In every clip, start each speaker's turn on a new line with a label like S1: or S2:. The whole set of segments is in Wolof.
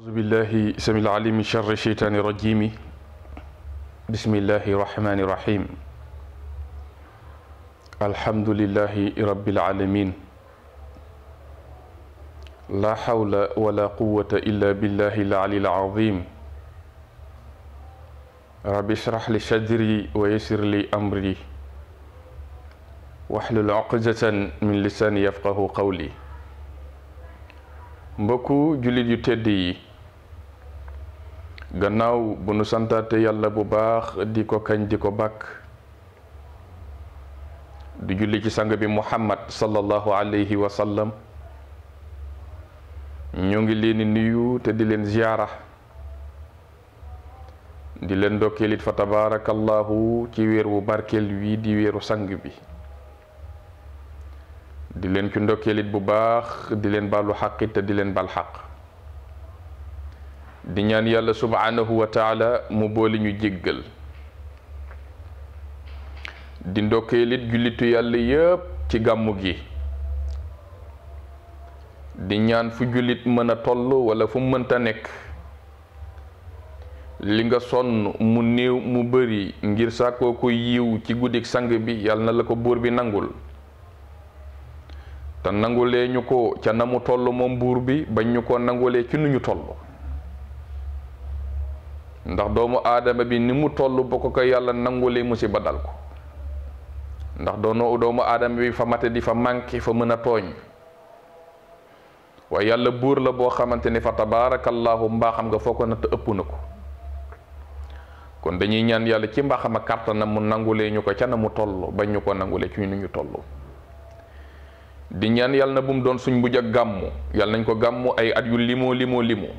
S1: أعوذ بالله سميع العليم من شر الشيطان الرجيم بسم الله الرحمن الرحيم الحمد لله رب العالمين لا حول ولا قوة إلا بالله العلي العظيم رب اشرح لي صدري ويسر لي أمري واحلل عقدة من لساني يفقه قولي mbokku jullit yu tedd yi gannaaw bu nu santaate yàlla bu baax di ko kañ di ko bàkk di julli ci sang bi muhammad sallallahu alayhi wa sallam ñu ngi leen di nuyu te di leen ziyaara di leen ndokkeelit fa tabaarakallahu ci weer wu barkeel wi di weeru sang bi di leen ci ndokkeelit bu baax di leen baalu xaqit te di leen bal xaq di ñaan yàlla subhaanahu wa taala mu boole ñu jéggal di ndokkeelit jullitu yàlla yépp ci gàmmu gi di ñaan fu jullit mën a toll wala fu mënta nekk li nga sonn mu néew mu bari ngir sàkkoo ko yiw ci guddik sang bi yàlla na la ko buur bi nangul te nangulee ñu ko ca na mu toll moom buur bi bañ ñu ko nangulee ci nu ñu toll ndax doomu aadama bi ni mu toll boo ko ko yàlla nangulee musiba dal ko ndax doonoo doomu aadama bi fa mate di fa manqué fa mën a tooñ waaye yàlla buur la boo xamante ni fa tabaarakallaahu mbaaxam nga foo ko natt ëpp na ko kon dañuy ñaan yàlla ci mbaaxam a kàttanam mu nangulee ñu ko ca na mu toll ba ñu ko nangulee ci nu ñu toll di ñaan yàlla na bu mu doon suñ bu jëkk gàmmu yàlla nañ ko gàmmu ay at yu limoo limoo limoo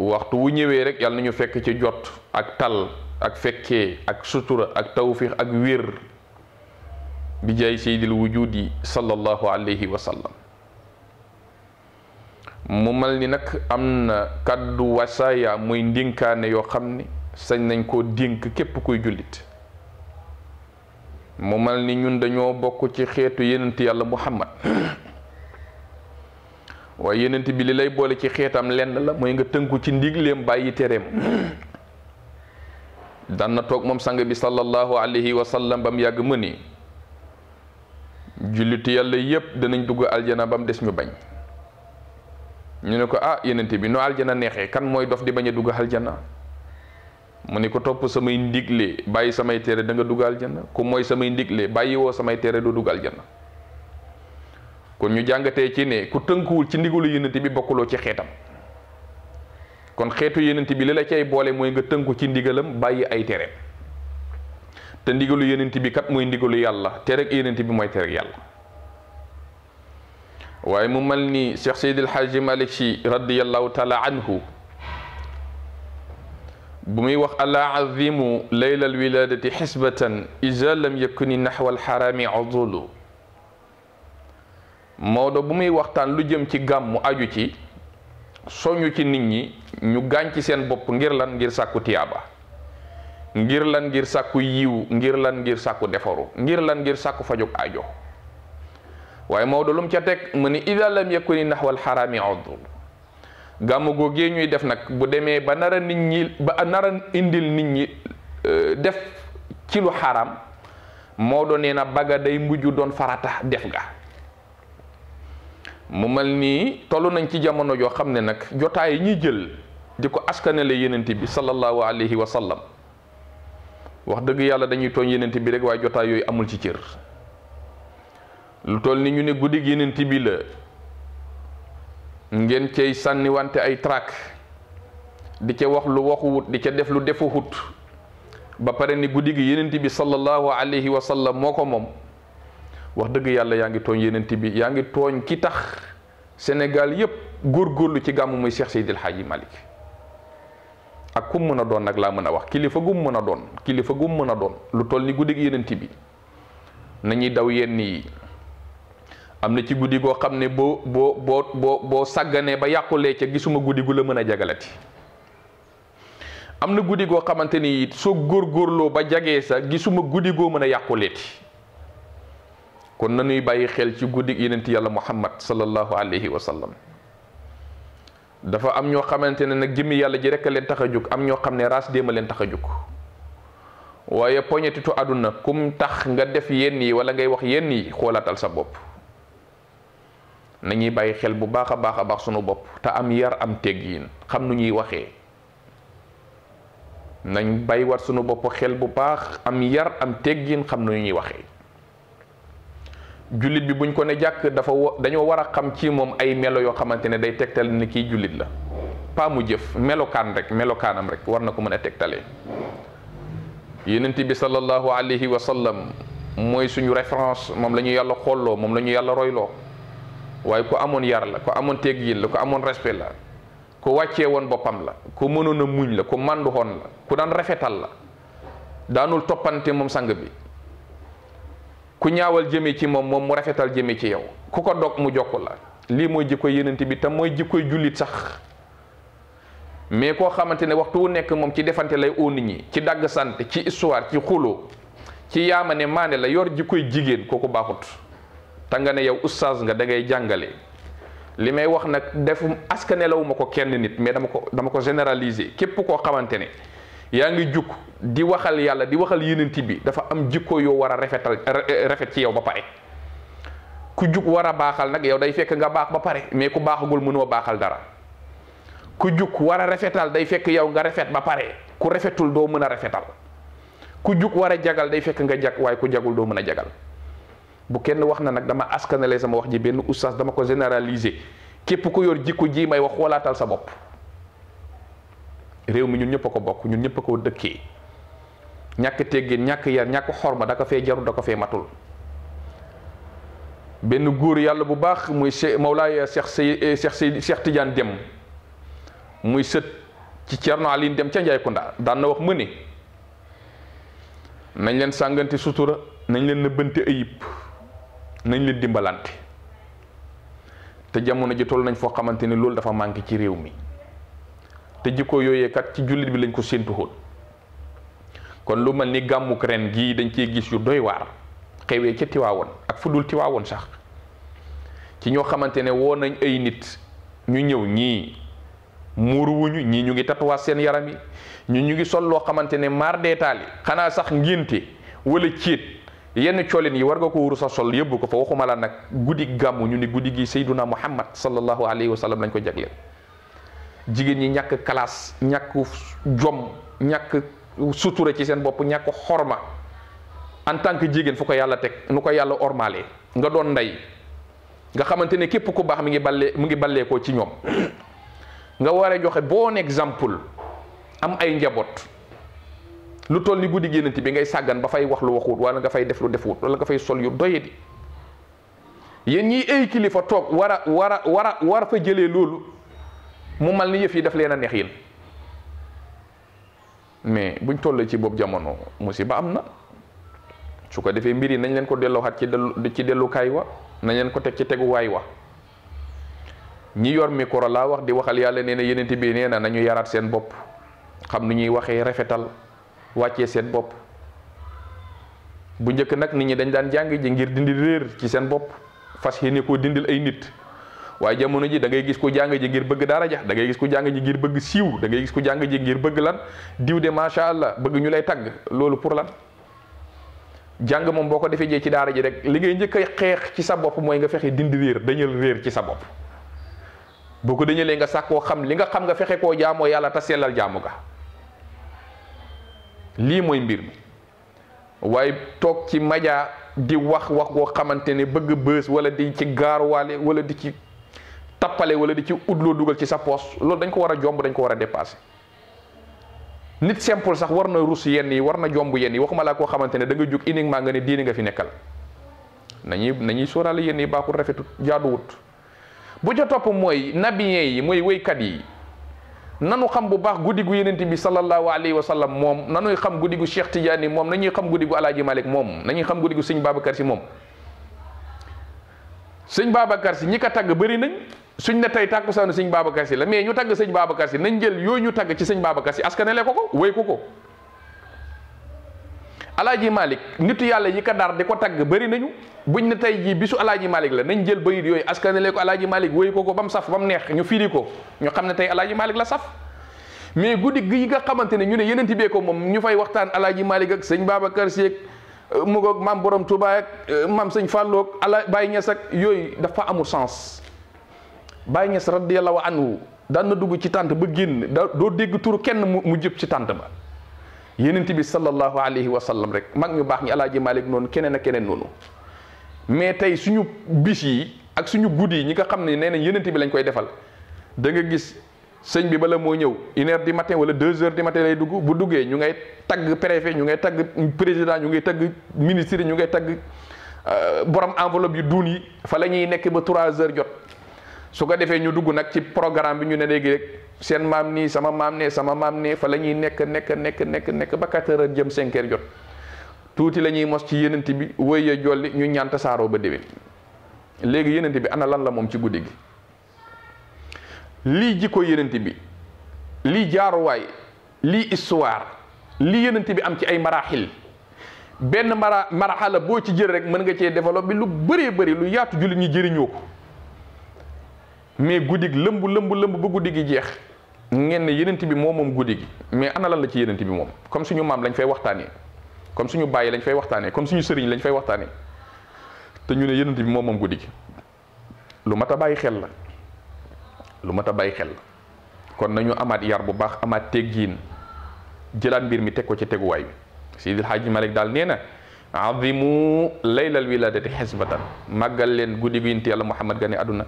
S1: waxtu wu ñëwee rek yàlla nañu fekk ci jot ak tal ak fekkee ak sutura ak tawfiix ak wér bi jaay seydil wujudi sallallahu alayhi wa mu mel ni nag am na kàddu wasaaya muy ndinkaane yoo xam ne sañ nañ koo dink képp kuy jullit mu mel ni ñun dañoo bokk ci xeetu yenent yàlla muhammad waaye yenent bi li lay boole ci xeetam lenn la mooy nga tënku ci ndigleem bàyyi tereem daan na toog moom sang bi sallallahu alayhi wa sallam ba mu yàgg mu ni jullitu yàlla yépp danañ dugg aljana ba mu des ñu bañ ñu ne ko ah yenent bi no aljana neexee kan mooy dof di bañ a dugg aljana mu ne ko topp samay ndigle bàyyi samay tere danga nga dugg aljana ku mooy samay ndigle bàyyi woo samay tere doo dugg aljana kon ñu jàngatee ci ne ku tënkuwul ci ndigalu yonent bi bokkuloo ci xeetam kon xeetu yonent bi lala la cay boole mooy nga tënku ci ndigalam bàyyi ay tereem te ndigalu yonent bi kat mooy ndigalu yàlla tereg yonent bi mooy tereg yàlla waaye mu mel ni Cheikh Seydil Hadji Malick Sy radiyallahu taala anhu bu muy wax ala azimu layla alwiladati xisbatan iza lam yakuni naxwa alxarami azulu Maodo bu muy waxtaan lu jëm ci gàmmu aju ci soñu ci nit ñi ñu gaañ ci seen bopp ngir lan ngir sàkku tiyaaba ngir lan ngir sàkku yiw ngir lan ngir sàkku defaru ngir lan ngir sàkku fajug ajo waaye Maodo lu mu ca teg mu ni ida lam yakuni naxwal xarami oddu gàmmu googee ñuy def nag bu demee ba nara nit ñi ba nara indil nit ñi euh, def ci lu xaraam Maodo nee na baga day mujj doon farata def nga mu mel nii toll nañ ci jamono joo xam ne nag jotaay yi ñuy jël di ko askanale yenent bi sallallahu alayhi wa wax dëgg yàlla dañuy tooñ yenent bi rek waaye jotaay yooyu amul ci cër lu toll ni ñu ne guddig yenent bi la ngeen sànni wante ay traak di ca wax lu waxuwut di ca def lu defuwut ba pare ni guddi gi yenent bi sallallahu alayhi wa moo ko moom wax dëgg yàlla yaa ngi tooñ yenent bi yaa ngi tooñ ki tax Sénégal yépp góorgóorlu ci gàmmu muy Cheikh Seydil Hadji Malick ak ku mu mën a doon nag laa mën a wax kilifa gu mën a doon kilifa gum mën a doon lu toll ni guddig yenent bi nañuy daw yenn yi am na ci guddi goo xam ne boo boo boo boo boo sàgganee ba yàqulee ca gisuma guddi gu la mën a jagalati am na guddi goo xamante ni soo góor góorgóorloo ba jagee sa gisuma guddi goo mën a yàquleeti kon nañuy bàyyi xel ci guddi yenent yàlla muhammad sallallahu alayhi wa sallam dafa am ñoo xamante ne nag jëmmi yàlla ji rek a leen tax a jóg am ñoo xam ne ras raas a leen tax a jóg waaye poñetitu àdduna kum tax nga def yenn yi wala ngay wax yenn yi xoolaatal sa bopp nañuy bàyyi xel bu baax a baax a baax sunu bopp te am yar am teggiin xam nu ñuy waxee nañ bàyyi wat sunu bopp xel bu baax am yar am teg teggiin xam nu ñuy waxee jullit bi buñ ko ne jàkk dafa dañoo war a xam ci moom ay melo yoo xamante ne day tegtal ni kii jullit la pas mu jëf melokaan rek melokaanam rek war na ko mën a tegtalee yonent bi sallallahu alayhi wa sallam mooy suñu référence moom la ñu yàlla xooloo moom la ñu yàlla royloo waaye ku amoon yar la ku amoon teggin la ku amoon respect la ku wàccee woon boppam la ku mënoon a muñ la ku màndu xoon la ku daan rafetal la daanul toppante moom sang bi ku ñaawal jëmee ci moom moom mu rafetal jëmee ci yow ku ko dog mu jokk la lii mooy jikkoy yenente bi te mooy jikkoy jullit sax mais koo xamante ne waxtu wu nekk moom ci defante lay oo ñi ci dagg sant ci histoire ci xuloo ci yaama ne maane la yor jikkoy jigéen kooku baaxut te nga ne yow oustaz nga dangay jàngale li may wax nag def askanelawuma ko kenn nit mais dama ko dama ko généraliser képp koo xamante ne yaa ngi jukk di waxal yàlla di waxal yonent bi dafa am jikko yoo war a rafetal rafet ci yow ba pare ku jug war a baaxal nag yow day fekk nga baax ba pare mais ku baaxagul mënoo baaxal dara ku jug war a rafetal day fekk yow nga rafet ba pare ku rafetul doo mën a rafetal ku jug war a jagal day fekk nga jag waaye ku jagul doo mën a jagal bu kenn wax na nag dama askanale sama wax ji benn oustaz dama ko généraliser képp ku yor jikko ji may wax xoolaatal sa bopp réew mi ñun ñëpp a ko bokk ñun ñëpp a ko dëkkee ñàkk teggin ñàkk yar ñàkk xorma da ko fee jarul da ko fee matul benn góor yàlla bu baax muy se Mawlaay Cheikh Sey eh, Cheikh Sey Cheikh Tidiane Dem muy sët ci Cerno Alin Dem ca Njaay Kunda daan na wax mu ne nañ leen sàngante sutura nañ leen nëbbante ayib nañ leen dimbalante te jamono ji toll nañ foo xamante ni loolu dafa manqué ci réew mi te jikko yooyee ci jullit bi lañ ko séntu woon kon lu mel ni gàmmuk ren gii dañ cee gis yu doy waar xewee ci tiwaawoon ak fu dul tiwaawoon sax ci ñoo xamante ne woo nañ ay nit ñu ñëw ñii muuru wuñu ñii ñu ngi tatuwaat seen yaram yi ñu ñu ngi sol loo xamante ne maar deetaali xanaa sax ngénte wala céet yenn colin yi war nga ko wuru sa sol yëbbu ko fa waxuma la nag guddi gàmmu ñu ni guddi gi sayduna muhammad sallallahu alayhi wa sallam lañ ko jagleel jigéen ñi ñàkk classe ñàkk jom ñàkk sutura ci seen bopp ñàkk xorma en tant que jigéen fu ko yàlla teg nu ko yàlla ormaale nga doon ndey nga xamante ne képp ku baax mi ngi balle mu ngi ballee ko ci ñoom nga war a joxe bon exemple am ay njaboot lu toll ni guddi génnanti bi ngay sàggan ba fay wax lu waxut wala nga fay def lu defut wala nga fay sol yu doyadi yéen ñiy ay kilifa toog war a war a war a fa jëlee loolu mu mal ni yëf yi daf leen a neex yil mais buñ toll ci boobu jamono musiba am na su ko defee mbir yi nañ leen ko dellooxaat ci dellu ci dellukaay wa nañ leen ko teg ci teguwaay wa ñi yor micro laa wax di waxal yàlla nee na yenente bi nee na nañu yaraat seen bopp xam nu ñuy waxee rafetal wàccee seen bopp bu njëkk nag nit ñi dañ daan jàng ji ngir dindi réer ci seen bopp fas yéene koo dindil ay nit waaye jamono ji dangay gis ko jàng ji ngir bëgg dara ja dangay gis ko jàng ji ngir bëgg siw da ngay gis ko jàng ji ngir bëgg lan diw de allah bëgg ñu lay tagg loolu pour lan jàng moom boo ko defee jee ci daara ji rek li ngay njëkk a xeex ci sa bopp mooy nga fexe dindi réer dañal réer ci sa bopp boo ko dañalee nga sàkkoo xam li nga xam nga fexe koo jaamoo yàlla te sellal jaamu ga lii mooy mbir mi waaye toog ci maja di wax wax goo xamante ne bëgg bës wala di ci gaaruwaale wala di ci tappale wala di ci ut loo dugal ci sa poos loolu dañ ko war a jomb dañ ko war a dépassé nit simple sax war na rus yenn yi war na jomb yenn yi waxuma laa koo xamante ne da nga jóg uniquement nga ne diini nga fi nekkal nañuy nañuy sóoraale yenn yi baaxul rafetut jaaduwut bu ca topp mooy nabiyen yi mooy wéykat yi nanu xam bu baax guddi gu yenent bi sallallahu alayhi wa sallam moom nanuy xam guddi gu Cheikh Tidiane moom nañuy xam guddi gu ji Malik moom nañuy xam guddi gu sëñ Babacar si moom sëñ Babacar si ñi ko tagg bari nañ suñ ne tey tàkkusaanu sëñ Babacar Sy la mais ñu tagg sëñ Babacar Sy nañ jël yooyu ñu tagg ci sëñ Babacar Sy askanale ko ko wéy ko ko alaaji Malick nitu yàlla yi ko dar di ko tagg bari nañu buñ ne tey jii bisu alaaji Malick la nañ jël bayit yooyu askanale ko alaaji Malick wéy ko ko ba mu saf ba mu neex ñu firi ko ñu xam ne tey alaaji Malick la saf mais guddi yi nga xamante ne ñu ne yeneen bee ko moom ñu fay waxtaan alaaji Malick ak sëñ Babacar Sy euh, mu ngoog maam borom Touba ak euh, maam sëñ ala Baye Niass ak yooyu dafa amul sens Baye Niass radiyallahu anhu daan na dugg ci tànt ba génn da doo dégg turu kenn mu jëp ci tànt ba yenent bi sallallahu alayhi wa sallam rek mag ñu baax ñi alaaji Malik noonu keneen a keneen noonu mais tey suñu bis yi ak suñu guddi yi ñi nga xam ne nee nañ yenent bi lañ koy defal da nga gis sëñ bi bala moo ñëw une heure matin wala deux heures di matin lay dugg bu duggee ñu ngay tagg préfet ñu ngay tagg président ñu ngay tagg ministre ñu ngay tagg euh, borom enveloppe yu duun yi fa la ñuy nekk ba trois heures jot su ko defee ñu dugg nag ci programme bi ñu ne léegi rek seen maam nii sama maam ne sama maam ne fa la ñuy nekk nekk nekk nekk nekk ba 4 jëm 5 jot tuuti la ñuy mos ci yenent bi wëy jolli ñu ñaan tasaaroo ba déwén léegi yenent bi ana lan la moom ci guddi gi lii jikko yenent bi lii jaaruwaay lii histoire lii yenent bi am ci ay maraaxil benn mara maraxala boo ci jël rek mën nga cee développé lu bëree bëri lu yaatu jullit ñi jëriñoo ko mais guddi gi lëmb lëmb lëmb ba guddi gi jeex ngeen ne bi moo moom guddi gi mais ana lan la ci yenent bi moom comme suñu maam lañ fay waxtaanee comme suñu bàyyi lañ fay waxtaanee comme suñu sëriñ lañ fay waxtaanee te ñu ne yenent bi moo moom guddi gi lu mat a bàyyi xel la lu mat a bàyyi xel la kon nañu amaat yar bu baax amaat teg jiin jëlaat mbir mi teg ko ci teguwaay bi sii Sidil ma rek daal nee na azimu laylal wiladati xisbatan màggal leen guddi gi yonent yàlla Muhammad gane àdduna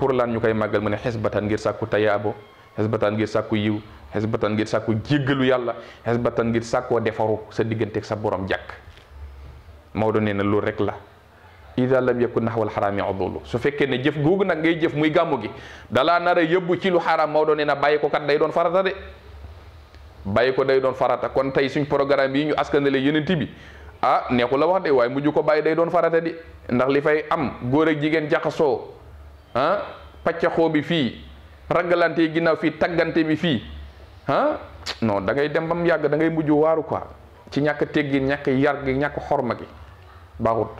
S1: pour lan ñu koy màggal mu ne xesbatan ngir sàkku tayaabo xesbatan ngir sàkku yiw xesbatan ngir sàkku jéggalu yàlla xesbatan ngir sàkkoo defaru sa digganteek sa borom jàkk Maodo nee na loolu rek la ida lam yakun naxwal xaraami odulu su fekkee ne jëf googu nag ngay jëf muy gàmmu gi dalaa nara a yóbbu ci lu xaraam Maodo nee na bàyyi ko kat day doon farata de bàyyi ko day doon farata kon tey suñ programme yi ñu askanale yenente bi ah neexu la wax de waaye mujj ko bàyyi day doon farata di ndax li fay am góor ak jigéen jaxasoo ah paccaxoo bi fii ragalante yi ginnaaw fii taggante bi fii ah dangay dem ba mu yàgg da ngay mujj waaru ko ci ñàkk teggi ñàkk yar gi ñàkk xorma gi baaxut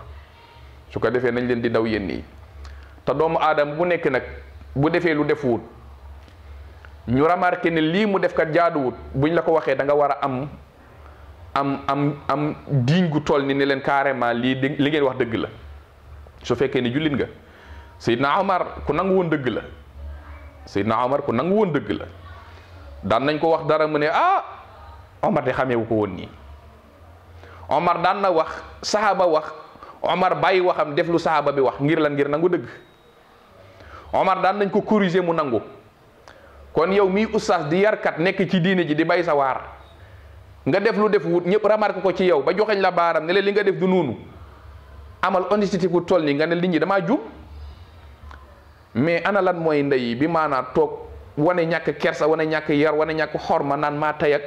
S1: su ko defee nañ leen di daw yéen nii te doomu aadama bu nekk nag bu defee lu def ñu remarqué ne lii mu def kat jaaduwut buñ la ko waxee danga war a am am am am diñ gu toll ni ne leen carrément lii li ngeen wax dëgg la su fekkee ne jullit nga Seydina Omar ku nangu woon dëgg la Seydina Omar ku nangu woon dëgg la daan nañ ko wax dara mu ne ah Omar de xamee ko woon nii Omar daan na wax saaba wax Omar bàyyi waxam def lu saaba bi wax ngir lan ngir nangu dëgg Omar daan nañ ko corriger mu nangu kon yow mii oustaz di yarkat nekk ci diine ji di bay sa waar nga def lu def wut ñëpp remarque ko ci yow ba joxeñ la baaram ne la li nga def du noonu amal honnêteté bu toll nii nga ne nit ñi damaa jub. mais ana lan mooy ndey bi maanaa toog wane ñàkk kersa wane ñàkk yar wane ñàkk ma naan maa tay ak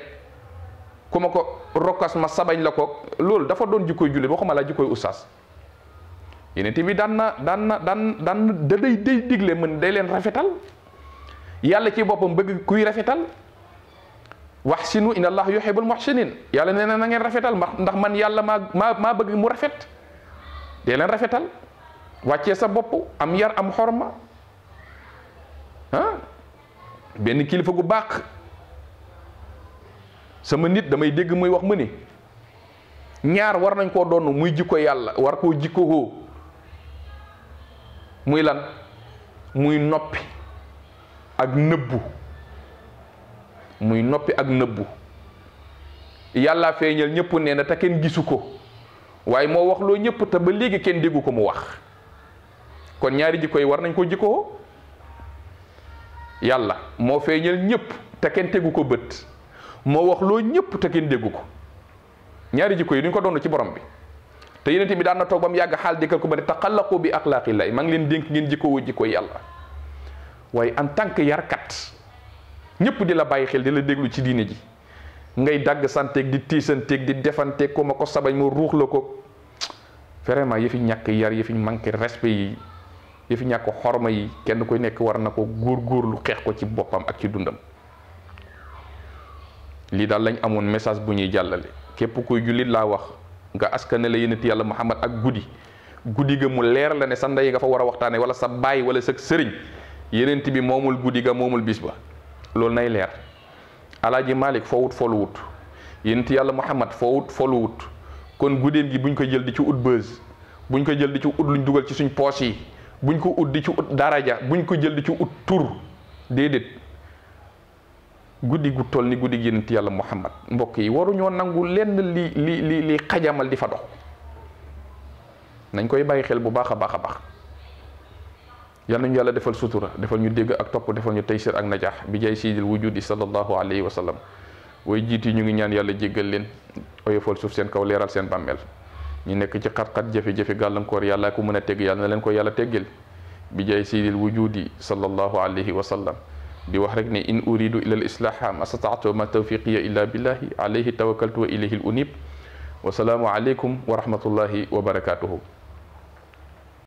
S1: ku ma ko rokkas ma sabañ la ko loolu dafa doon jikkoy jullit waxuma laa jikkoy ustaas yeneen bi daan na daan na daan daan da day day digle mën day leen rafetal yàlla ci boppam bëgg kuy rafetal wax si waxsinu inna allah yuhibbul muhsinin yàlla nee na na ngeen rafetal ndax man yàlla maa maa maa bëgg mu rafet dee leen rafetal wàcce sa bopp am yar am xorma benn kilifa gu baax sama nit damay dégg muy wax ma ni ñaar war nañ koo doon muy jikko yàlla war koo jikko muy lan muy noppi ak nëbbu muy noppi ak nëbbu yàlla feeñal ñëpp nee na te kenn gisu ko waaye moo wax loo ñëpp te ba léegi kenn déggu ko mu wax kon ñaari jikko yi war nañ koo jikko yàlla moo feeñal ñëpp te kenn tegu ko bët moo wax loo ñëpp te kenn déggu ko ñaari jikko yi duñ ko doon ci borom bi te yenente bi daan na toog ba mu yàgg xaal dikkal ko ba ne taxallaqu bi axlaaqillahi maa mag leen dénk ngeen jikkowoo jikko yàlla waaye en tant que kat ñëpp di la bàyyi xel di la déglu ci diine ji ngay dagg santeeg di tiisanteeg di defanteeg ko ma ko sabañ mu ruux la ko vraiment yëfi ñàkk yar yëfi manqué respect yi yëfi ñàkk xoroma yi kenn koy nekk war na ko lu xeex ko ci boppam ak ci dundam lii daal lañ amoon message bu ñuy jàllale képp kuy jullit laa wax nga askanale yonent yàlla Muhammad ak guddi guddi ga mu leer la ne sa ndey nga fa war a waxtaane wala sa baay wala sa sëriñ yonent bi moomul guddi ga moomul biis ba loolu nay leer alaaji Malik foo wut folu wut yonent yàlla Muhammad foo wut folu wut kon guddeem gi buñ ko jël di ci ut buñ ko jël di ci ut luñ dugal ci suñ poos yi buñ ko ut di ci ut daraja buñ ko jël di ci ut tur déedéet guddi gu toll ni guddi génnent yàlla muhammad mbokk yi waruñoo nangu lenn li li li li xajamal di fa dox nañ koy bàyyi xel bu baax a baax a baax yal nañu yàlla defal sutura defal ñu dégg ak topp defal ñu taysir ak najaax bi jaay siidil wujudi sallallahu alayhi wa sallam way jiit yi ñu ngi ñaan yàlla jéggal leen oyofal suuf seen kaw leeral seen bàmmeel ñu nekk ci xat-xat jafe-jafe gàllankoor yàlla ko mën a tegg yàlla na leen ko yàlla teggil bi jaay siidil wujudi sallallahu alayhi wa sallam di wax rek ne in uridu ila al islaha ma stataatu wa ma tawfiqiya illa billahi alayhi tawakkaltu wa ilayhi al unib wa salaamu alaykum wa rahmatullahi wa barakatuhu